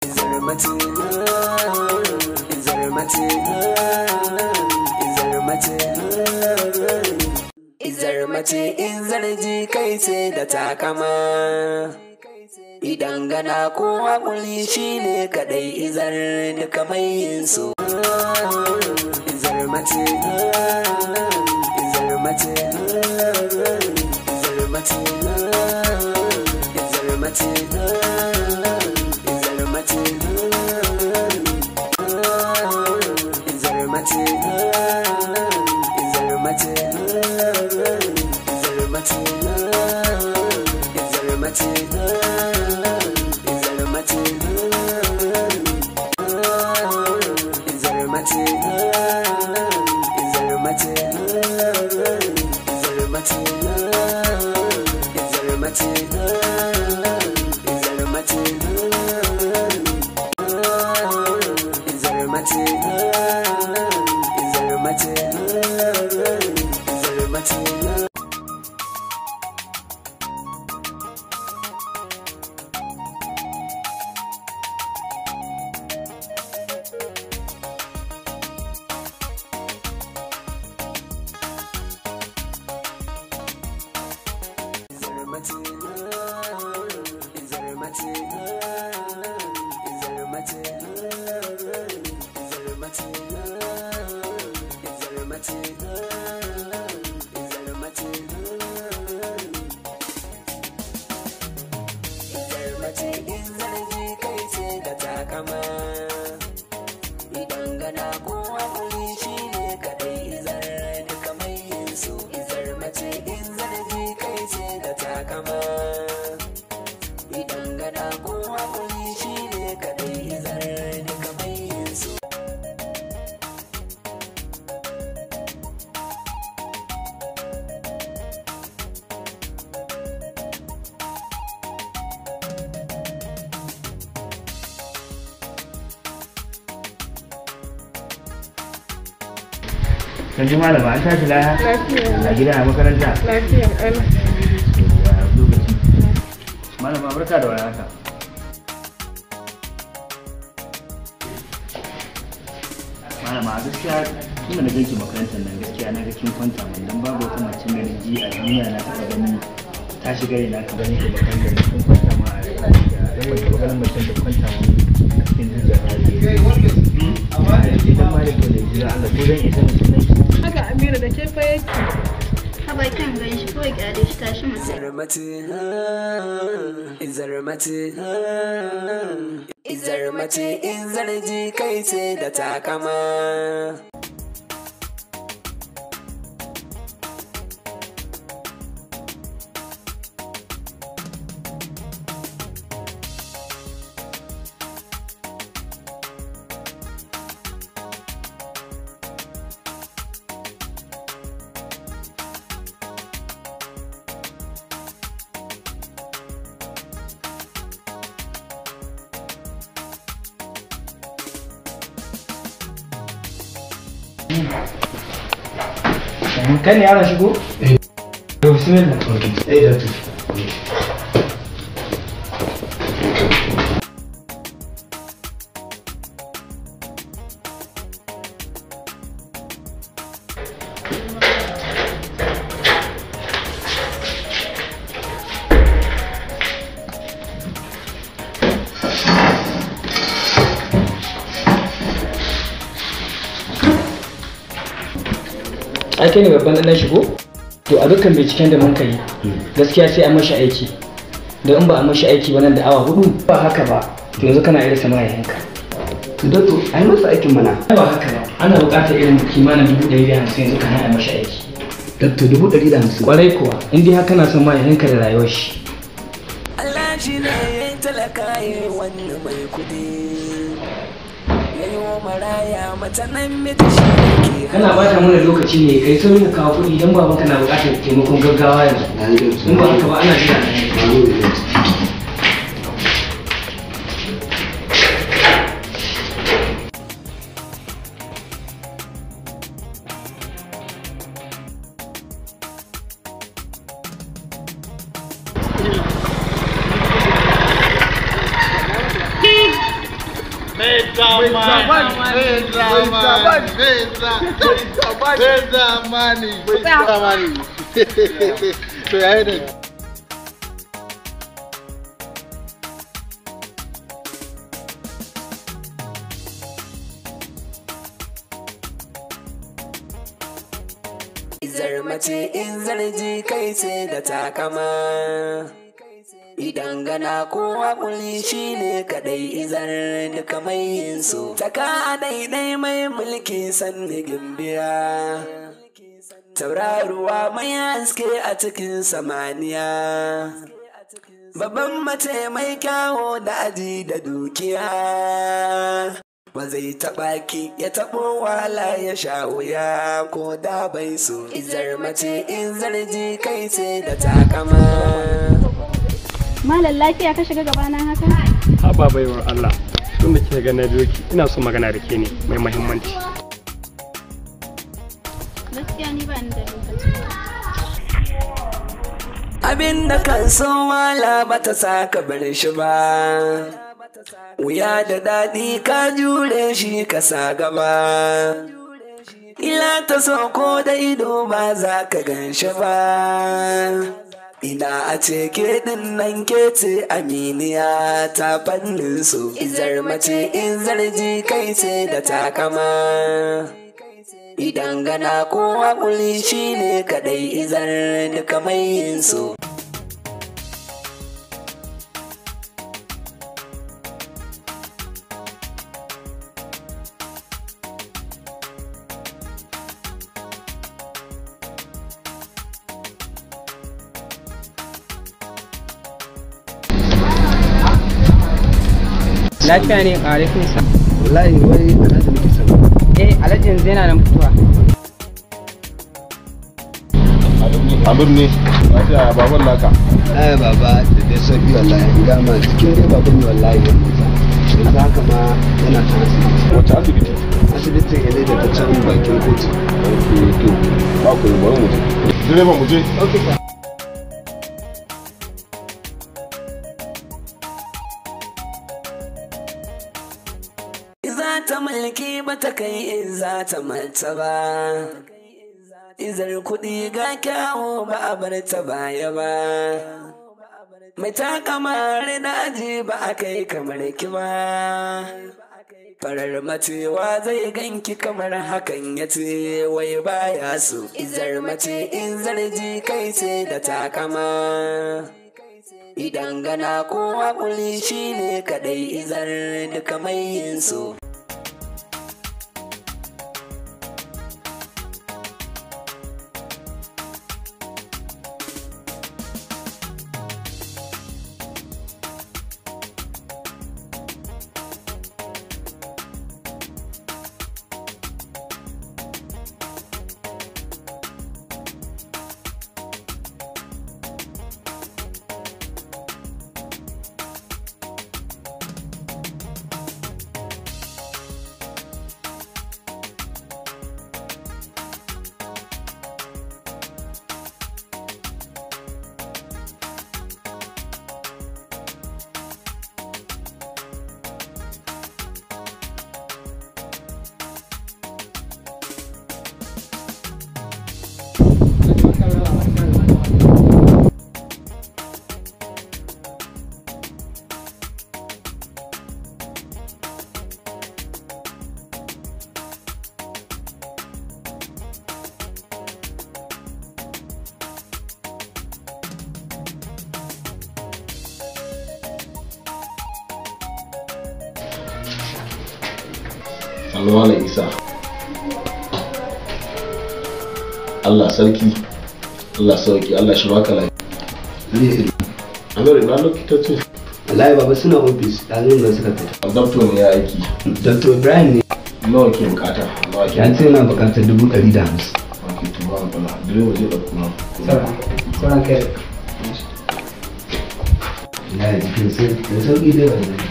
Izar mace in kai ce da takama. Idan gana ko haƙuri shi ne kaɗai izar duka mai yin su. Izar mace, izar mace, izar mace. Matina, is there a Matina, is there a Matina? zarmace zarmace zarmace zarmace zarmace in zargi kai ce da takama idan gana kan ji malama an tashi laya a gida a makaranta lafiya lokaci malama barka da wani haka a gaskiya kuma da ganki makarantar nan gaskiya na ga kin kwanta mun dan babu wata mace da ji a duniya na taɓa gani ta shiga ne na ka gani ki makarantar da kin kwanta ma a rayuwa da ban taɓa ganin mace da kwanta mun cikin zuciya ta Idan Malik ko da jira Allah ko zan isa na Haka Amira da ke yake. Haba kin gan shi kawai kyale shi tashi mutum. Zarmati in in zarmati in zarji kai ce da takama. kan ne yaron shigo? eh bismillah ok eh da tu ai kai ne babban dan shigo to a dukkan binciken da mun kai hmm. gaskiya sai an mashi aiki da in ba a mashi aiki ba nan da awa hudu ba haka ba to yanzu kana irin sama yanka Dokto, a ai masa aikin mana. Ba haka ba, ana buƙatar irin kimanin dubu ɗari da hamsin yanzu kana a mashi aiki. Dokto, dubu ɗari da hamsin. Kwarai kuwa, in dai haka na son ma ka da rayuwar shi. Allah shi ne talaka yi wannan mai kuɗi. yayo maraya mace nan kana ba ta mana lokaci ne kai so ne kawo kuɗi don baban kana buƙatar taimakon gaggawa yanzu in ba haka ba ana jira Zarmace in zarji kai ce da takama. idan gana kowa haƙuri shi ne kaɗai izar da mai yin su taka daidai mai mulki sannu gimbiya tauraruwa mai haske a cikin samaniya babban mace mai kyawo da aji da dukiya ba zai taɓa ki ya taɓo wahala ya sha wuya ko da bai so izar mace in zarji kai ce da takama malam lafiya ka shiga gabana haka haba baiwar Allah tun da kika ga na ina son magana da ke ne mai muhimmanci gaskiya ni ba ni da lokaci abin da kan so wala bata saka bar shi ba wuya da daɗi ka jure shi ka sa gaba ila ta so ko da ido ba za ka gan shi ba Ina a ce ke ɗin nan ke ce aminiya ta fannin su. Izar mace in zarji kai ce da takama. Idan gana kowa kuli shi ne kaɗai izar duka mai su. lafiya ne a alaikun sa wallahi wai alhaji nake sa eh alhaji yanzu yana nan fitowa Amir ne, lafiya baban laka. Ai baba da dai sauki wallahi gama cikin dai baban ne wallahi yanzu haka ma yana ta asibiti. Wace asibiti? Asibitin ilai da ta can bakin kotu. Ok, to, ba ku yi bari mu je. Direba mu je. Ok, mata kai in za ta manta ba. Izar kuɗi ga kyawu ba a bar ta baya ba. Mai takamar na aji ba a kai kamar ki ba. Farar matewa zai ganki kamar hakan ya ce wai baya su. Izar mace in zarji kai ce da takama. Idan gana kowa kuli shi ne kaɗai izar duka mai yin su. Allah sarki Allah sauki Allah shi baka lafiya Amir ina lokita ce Wallahi baba suna ofis ɗazun nan suka fita Doctor ne ya aiki Doctor Ibrahim ne nawa ke bukata nawa ke an ce yana bukatar dubu ɗari da hamsin Ok to ba bala direba zai ɗauko na sauran kai Ina da jikin sai da sauƙi dai wani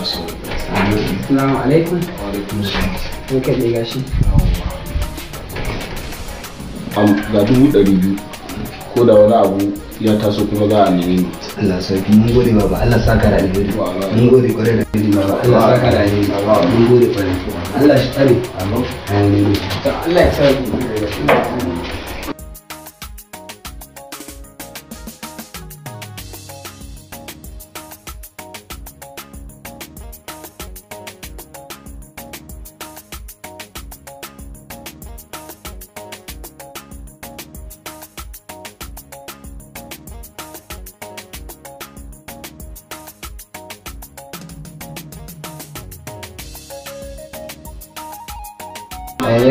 Assalamu alaikum. Wa alaikum salam. Kai gashi. ga dubu ɗari biyu ko da wani abu ya taso kuma za a nemi ni. Allah sarki mun gode baba Allah saka da alheri. Mun gode kwarai da alheri baba Allah saka da alheri. Mun gode kwarai. Allah shi tsare. Allah ya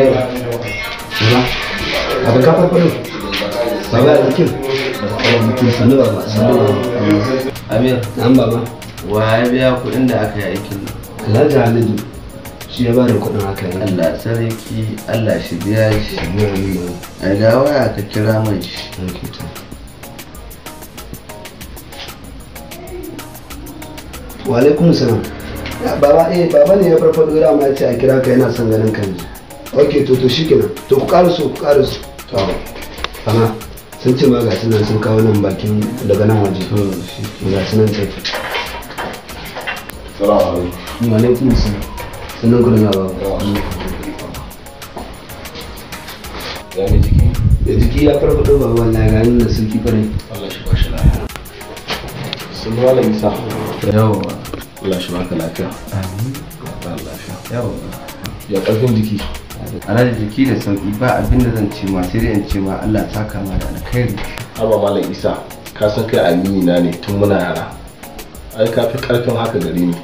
direba baba abu ka farfado baba ya mutum mutum sannu baba sannu amir an baba wa ya biya kuɗin da aka yi aikin alhaji halidu shi ya bada kuɗin aka yi allah sarki allah shi biya shi a ga waya ka kira mai shi wa alaikum salam baba eh baba ne ya farfado da ma ya ce a kira ka yana son ganin kan ok to to shi kenan to ku ƙara so ku ƙara so to amma sun ce ma ga sunan sun kawo nan bakin daga nan waje ga sunan tafi salamu alaikum alaikum salam sunan gurin ya babu ya ne jiki da jiki ya farfado ba wallahi ga nan sun kifa ne Allah shi ba shi lafiya sun ba Allah shi baka lafiya amin Allah Ya yawa ya jiki tsarar jiki da sauki ba abin da zan ce ma sai dai in ce ma Allah ta kama da alkhairi haba malam isa ka san kai amini na ne tun muna yara ai ka fi karfin haka gare ni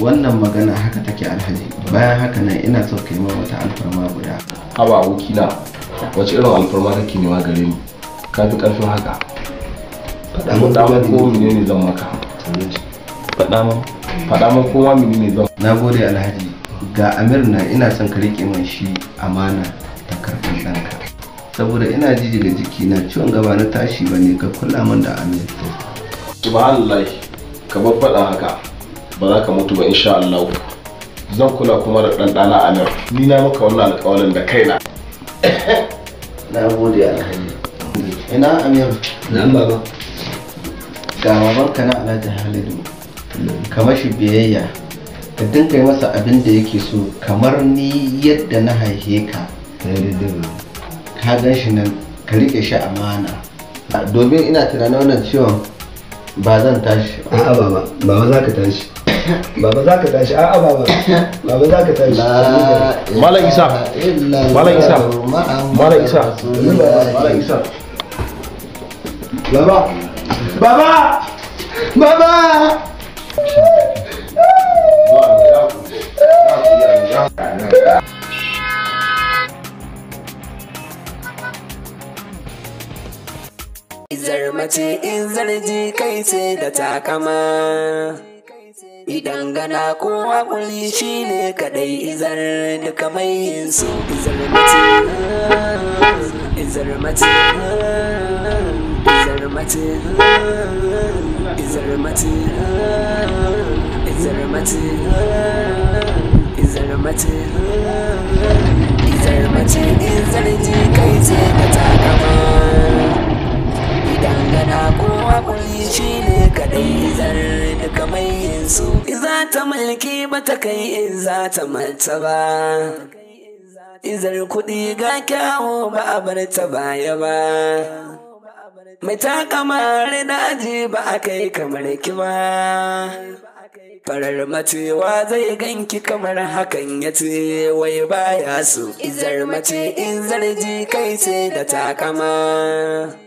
wannan magana haka take alhaji bayan haka na ina so kai ma wata alfarma guda haba wakila wace irin alfarma kake nema gare ni ka fi karfin haka faɗa mun dama ko menene zan maka faɗa mun faɗa mun kowa menene zan na gode alhaji ga amir na ina son ka rike min shi amana ta karfin ɗanka saboda ina ji daga jiki na ciwon gaba na tashi ba ne ka kula min da amir subhanallah ka faɗa haka ba za ka mutu ba insha Allah zan kula kuma da ɗan ɗana amir ni na maka wannan alƙawarin da kaina na gode alhaji ina amir nan baba ga babanka na alhaji halidu kamar shi biyayya ka dinga masa abin da yake so kamar ni yadda na haife ka ka gan shi nan ka riƙe shi amana domin ina tunanin wannan ciwon ba zan tashi a'a baba baba za ka tashi baba za ka tashi a'a baba ba za ka tashi malam isa isa isa isa baba baba baba Zarmace in zarji kai da takama. Idan gana ko hakuri shi ne kadai izar duka mai yin su izarmace. Izarmace. izar mace kai ce ta kowa kuli shi ne kadai izar duka mai yinsu mulki ba ta kai kuɗi ga kyawo ba a bar ta baya ba mai ta kamar daji ba a kai kamar ki ba farar matewa zai ganki kamar hakan ya ce wai baya su izar mace in zarji kai ce da takama